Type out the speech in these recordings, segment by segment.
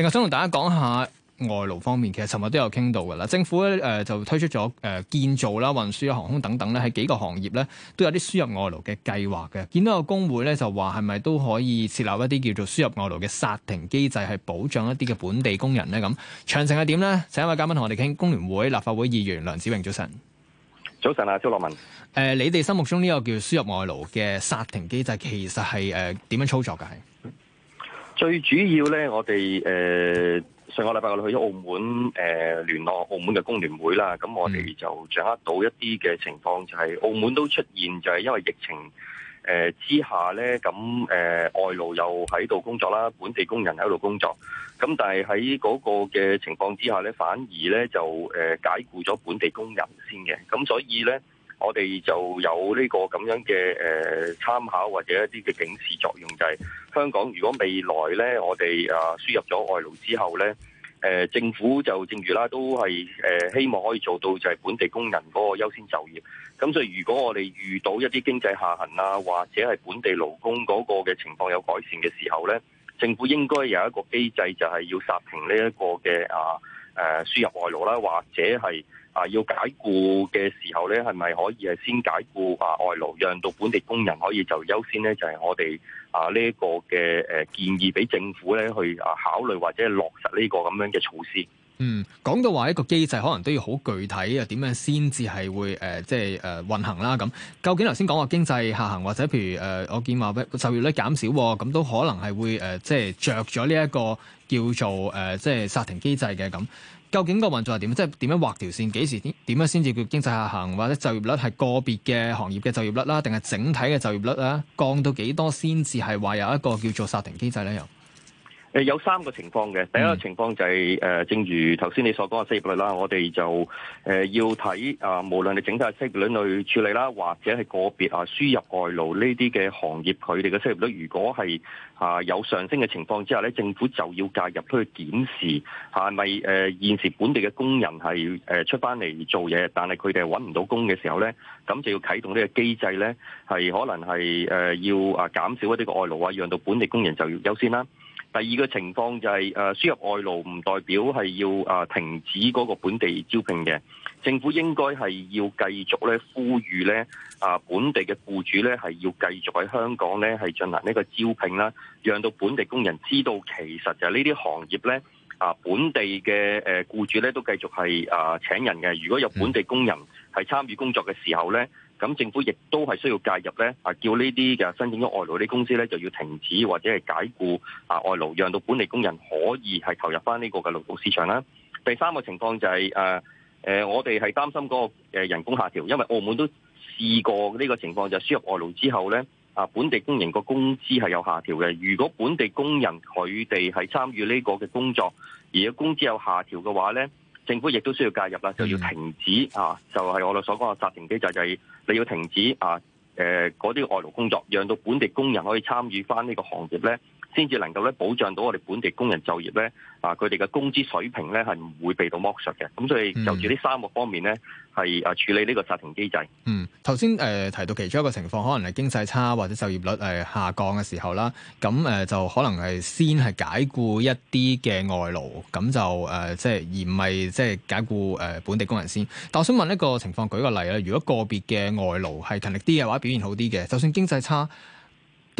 另外想同大家講下外勞方面，其實尋日都有傾到噶啦。政府咧誒、呃、就推出咗誒、呃、建造啦、運輸、航空等等咧，係幾個行業咧都有啲輸入外勞嘅計劃嘅。見到有工會咧就話係咪都可以設立一啲叫做輸入外勞嘅殺停機制，係保障一啲嘅本地工人咧咁？詳情係點咧？請一位嘉賓同我哋傾。工聯會立法會議員梁子穎，早晨。早晨啊，朱樂文。誒、呃，你哋心目中呢個叫輸入外勞嘅殺停機制，其實係誒點樣操作嘅？係？最主要呢，我哋誒、呃、上個禮拜我哋去咗澳門誒、呃、聯絡澳門嘅工聯會啦，咁我哋就掌握到一啲嘅情況，就係，就係澳門都出現，就係、係、因為疫情、呃、之下呢，咁、呃、誒外勞又喺度工作啦，本地工人喺度工作，咁但係喺嗰個嘅情況之下呢，反而呢就誒、呃、解僱咗本地工人先嘅，咁所以呢。我哋就有呢個咁樣嘅誒、呃、參考或者一啲嘅警示作用，就係香港如果未來呢，我哋啊輸入咗外勞之後呢，誒、呃、政府就正如啦，都係誒、呃、希望可以做到就係本地工人嗰個優先就業。咁所以如果我哋遇到一啲經濟下行啊，或者係本地勞工嗰個嘅情況有改善嘅時候呢，政府應該有一個機制，就係要煞停呢一個嘅啊。誒輸入外勞啦，或者係啊要解僱嘅時候呢，係咪可以先解僱啊外勞，讓到本地工人可以就優先呢？就係我哋啊呢一個嘅建議俾政府呢去啊考慮或者落實呢個咁樣嘅措施。嗯，講到話一個機制，可能都要好具體啊，點樣先至係會、呃、即係誒、呃、運行啦咁。究竟頭先講話經濟下行，或者譬如誒、呃，我見話不就業率減少喎，咁都可能係會誒、呃，即係着咗呢一個叫做誒、呃，即係煞停機制嘅咁。究竟個運作係點？即係點樣劃條線？幾時先點樣先至叫經濟下行，或者就業率係個別嘅行業嘅就業率啦，定係整體嘅就業率啊？降到幾多先至係話有一個叫做煞停機制咧？又？有三個情況嘅，第一個情況就係誒，嗯，正如頭先你所講嘅失業率啦，我哋就誒要睇啊，無論你整體嘅失業率去處理啦，或者係個別啊輸入外勞呢啲嘅行業，佢哋嘅失業率如果係啊有上升嘅情況之下咧，政府就要介入去檢視係咪誒現時本地嘅工人係誒出翻嚟做嘢，但係佢哋搵唔到工嘅時候咧，咁就要啟動呢個機制咧，係可能係誒要啊減少一啲嘅外勞啊，讓到本地工人就要優先啦。第二個情況就係、是、誒輸入外勞唔代表係要停止嗰個本地招聘嘅，政府應該係要繼續咧呼籲咧啊本地嘅僱主咧係要繼續喺香港咧係進行呢個招聘啦，讓到本地工人知道其實就係呢啲行業咧啊本地嘅誒僱主咧都繼續係啊請人嘅，如果有本地工人係參與工作嘅時候咧。咁政府亦都係需要介入咧，啊，叫呢啲嘅申請咗外勞啲公司咧就要停止或者係解雇啊外勞，讓到本地工人可以係投入翻呢個嘅勞動市場啦。第三個情況就係，是，啊，呃，我哋係擔心嗰個人工下調，因為澳門都試過呢個情況，就是，輸入外勞之後咧，啊，本地工人個工資係有下調嘅。如果本地工人佢哋係參與呢個嘅工作，而家工資有下調嘅話咧。政府亦都需要介入啦，就要停止啊，就係、是、我哋所講嘅煞停機制，就係、是、你要停止啊，誒、呃、嗰啲外勞工作，讓到本地工人可以參與翻呢個行業咧，先至能夠咧保障到我哋本地工人就業咧，啊佢哋嘅工資水平咧係唔會被到剝削嘅。咁所以就住呢三個方面咧，係啊處理呢個煞停機制。嗯，頭先誒提到其中一個情況，可能係經濟差或者就業率係下降嘅時候啦。咁誒就可能係先係解僱一啲嘅外勞，咁就誒即係而唔係即係解僱誒本地工人先。但我想問一個情況，舉個例啦，如果個別嘅外勞係勤力啲嘅話，表現好啲嘅，就算經濟差，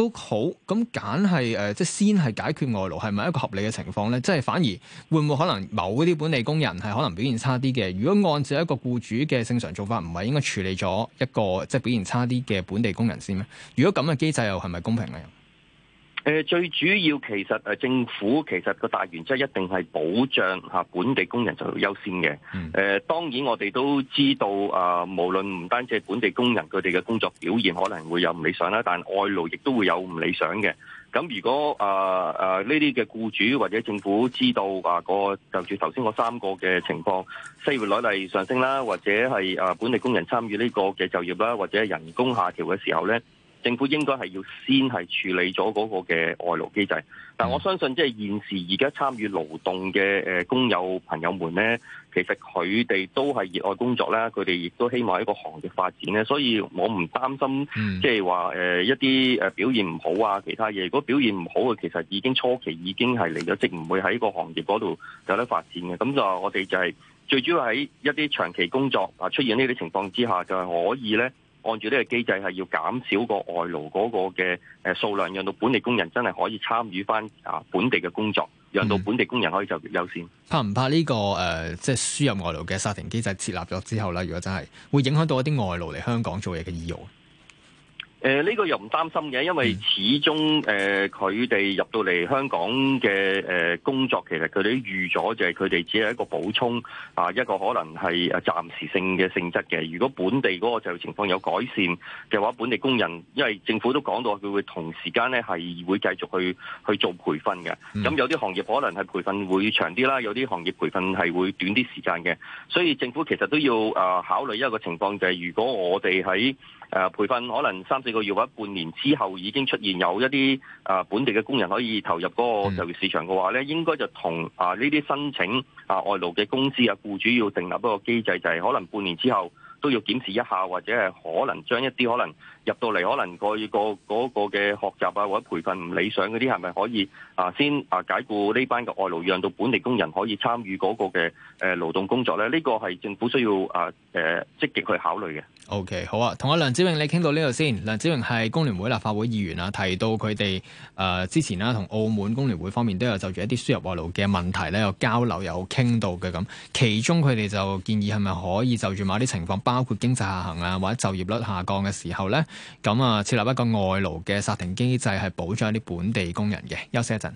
都好，咁梗係誒，即係先係解決外勞，係咪一個合理嘅情況咧？即係反而會唔會可能某啲本地工人係可能表現差啲嘅？如果按照一個僱主嘅正常做法，唔係應該處理咗一個即係表現差啲嘅本地工人先咩？如果咁嘅機制又係咪公平嘅？誒最主要其實誒政府其實個大原則一定係保障吓本地工人就優先嘅。誒當然我哋都知道啊，無論唔單止係本地工人佢哋嘅工作表現可能會有唔理想啦，但外勞亦都會有唔理想嘅。咁如果啊啊呢啲嘅雇主或者政府知道啊個就住頭先嗰三個嘅情況，失業率上升啦，或者係本地工人參與呢個嘅就業啦，或者人工下調嘅時候呢。政府應該係要先係處理咗嗰個嘅外勞機制，但我相信即係現時而家參與勞動嘅誒工友朋友們咧，其實佢哋都係熱愛工作啦，佢哋亦都希望喺個行業發展咧，所以我唔擔心、嗯、即係話、呃、一啲表現唔好啊其他嘢，如果表現唔好嘅，其實已經初期已經係嚟咗，職，唔會喺個行業嗰度有得發展嘅。咁就我哋就係最主要喺一啲長期工作啊、呃、出現呢啲情況之下，就係可以咧。按住呢個機制係要減少個外勞嗰個嘅誒數量，讓到本地工人真係可以參與翻啊本地嘅工作，讓到本地工人可以就業優先、嗯、怕唔怕呢個、誒、即係輸入外勞嘅煞停機制設立咗之後咧，如果真係會影響到一啲外勞嚟香港做嘢嘅意欲？誒呢個又唔擔心嘅，因為始終誒佢哋入到嚟香港嘅誒、呃、工作，其實佢哋預咗，就係佢哋只係一個補充啊、呃，一個可能係誒暫時性嘅性質嘅。如果本地嗰個就情況有改善嘅話，本地工人因為政府都講到佢會同時間咧係會繼續去去做培訓嘅。咁、嗯、有啲行業可能係培訓會長啲啦，有啲行業培訓係會短啲時間嘅。所以政府其實都要、呃、考慮一個情況，就係、是、如果我哋喺誒培訓可能三四個月或者半年之後，已經出現有一啲誒本地嘅工人可以投入嗰個就業市場嘅話咧，應該就同啊呢啲申請啊外勞嘅公司啊僱主要訂立一個機制，就係可能半年之後。都要檢視一下，或者係可能將一啲可能入到嚟，可能個個嗰個嘅學習啊或者培訓唔理想嗰啲，係咪可以啊先啊解雇呢班嘅外勞，讓到本地工人可以參與嗰個嘅誒勞動工作咧？呢個係政府需要啊誒、啊、積極去考慮嘅。OK，好啊，同阿梁子穎你傾到呢度先。梁子穎係工聯會立法會議員啊，提到佢哋誒之前啦，同澳門工聯會方面都有就住一啲輸入外勞嘅問題咧，有交流有傾到嘅，咁，其中佢哋就建議係咪可以就住某啲情況包括經濟下行啊，或者就業率下降嘅時候咧，咁啊設立一個外勞嘅煞停機制，係保障一啲本地工人嘅。休息一陣。